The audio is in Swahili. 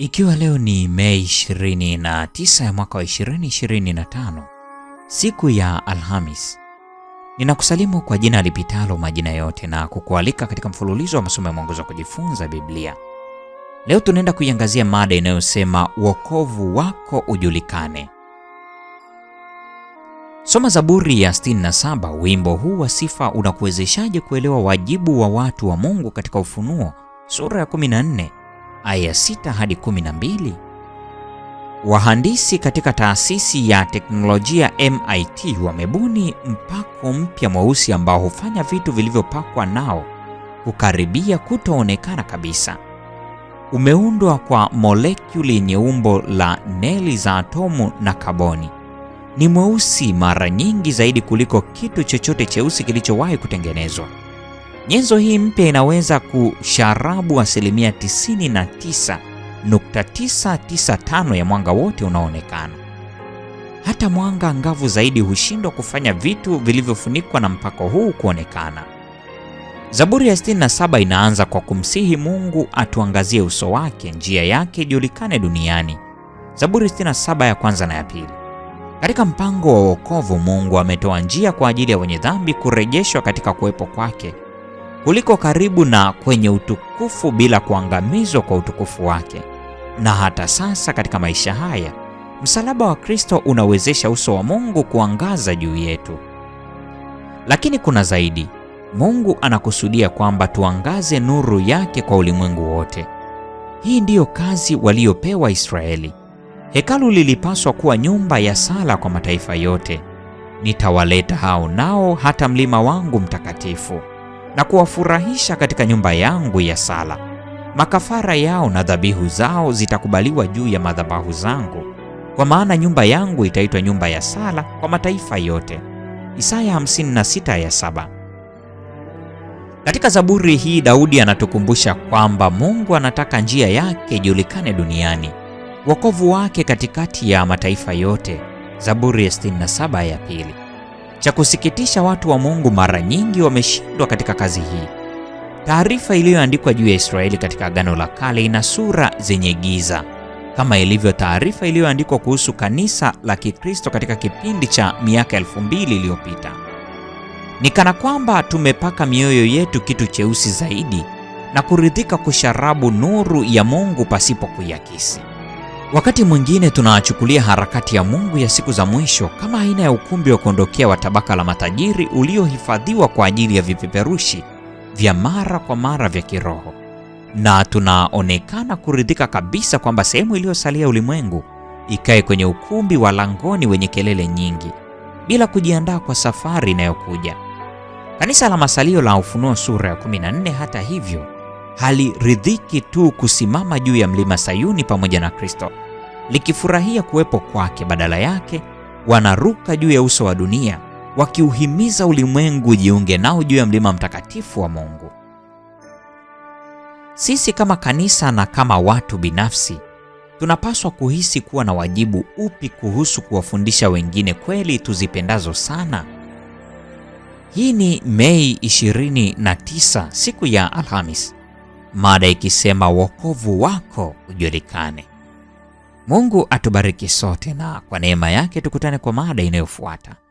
Ikiwa leo ni Mei 29 ya mwaka wa 2025, siku ya Alhamis, ninakusalimu kwa jina lipitalo majina yote na kukualika katika mfululizo wa masomo ya mwongozo wa kujifunza Biblia. Leo tunaenda kuiangazia mada inayosema wokovu wako ujulikane. Soma Zaburi ya 67, wimbo huu wa sifa unakuwezeshaje kuelewa wajibu wa watu wa Mungu katika Ufunuo sura ya 14 aya 6 hadi 12. Wahandisi katika taasisi ya teknolojia MIT wamebuni mpako mpya mweusi ambao hufanya vitu vilivyopakwa nao kukaribia kutoonekana kabisa. Umeundwa kwa molekuli yenye umbo la neli za atomu na kaboni. Ni mweusi mara nyingi zaidi kuliko kitu chochote cheusi kilichowahi kutengenezwa. Nyenzo hii mpya inaweza kusharabu asilimia 99.995 ya mwanga wote unaoonekana. Hata mwanga angavu zaidi hushindwa kufanya vitu vilivyofunikwa na mpako huu kuonekana. Zaburi ya 67 inaanza kwa kumsihi Mungu atuangazie uso wake, njia yake ijulikane duniani. Zaburi 67 ya kwanza na ya pili. Katika mpango wa wokovu, Mungu ametoa njia kwa ajili ya wenye dhambi kurejeshwa katika kuwepo kwake kuliko karibu na kwenye utukufu bila kuangamizwa kwa utukufu wake. Na hata sasa katika maisha haya, msalaba wa Kristo unawezesha uso wa Mungu kuangaza juu yetu. Lakini kuna zaidi. Mungu anakusudia kwamba tuangaze nuru yake kwa ulimwengu wote. Hii ndiyo kazi waliopewa Israeli. Hekalu lilipaswa kuwa nyumba ya sala kwa mataifa yote. Nitawaleta hao nao hata mlima wangu mtakatifu na kuwafurahisha katika nyumba yangu ya sala. Makafara yao na dhabihu zao zitakubaliwa juu ya madhabahu zangu, kwa maana nyumba yangu itaitwa nyumba ya sala kwa mataifa yote. Isaya 56 ya saba. Katika Zaburi hii Daudi anatukumbusha kwamba Mungu anataka njia yake ijulikane duniani, wokovu wake katikati ya mataifa yote. Zaburi ya 67 ya pili. Cha kusikitisha, watu wa Mungu mara nyingi wameshindwa katika kazi hii. Taarifa iliyoandikwa juu ya Israeli katika Agano la Kale ina sura zenye giza kama ilivyo taarifa iliyoandikwa kuhusu kanisa la Kikristo katika kipindi cha miaka elfu mbili iliyopita. Ni kana kwamba tumepaka mioyo yetu kitu cheusi zaidi na kuridhika kusharabu nuru ya Mungu pasipo kuiakisi. Wakati mwingine tunaachukulia harakati ya Mungu ya siku za mwisho kama aina ya ukumbi wa kuondokea wa tabaka la matajiri uliohifadhiwa kwa ajili ya vipeperushi vya mara kwa mara vya kiroho, na tunaonekana kuridhika kabisa kwamba sehemu iliyosalia ulimwengu ikae kwenye ukumbi wa langoni wenye kelele nyingi, bila kujiandaa kwa safari inayokuja. Kanisa la masalio la Ufunuo sura ya 14 hata hivyo haliridhiki tu kusimama juu ya mlima Sayuni pamoja na Kristo, likifurahia kuwepo kwake. Badala yake wanaruka juu ya uso wa dunia wakiuhimiza ulimwengu jiunge nao juu ya mlima mtakatifu wa Mungu. Sisi kama kanisa na kama watu binafsi tunapaswa kuhisi kuwa na wajibu upi kuhusu kuwafundisha wengine kweli tuzipendazo sana. Hii ni Mei 29, siku ya Alhamis mada ikisema wokovu wako ujulikane. Mungu atubariki sote na kwa neema yake tukutane kwa mada inayofuata.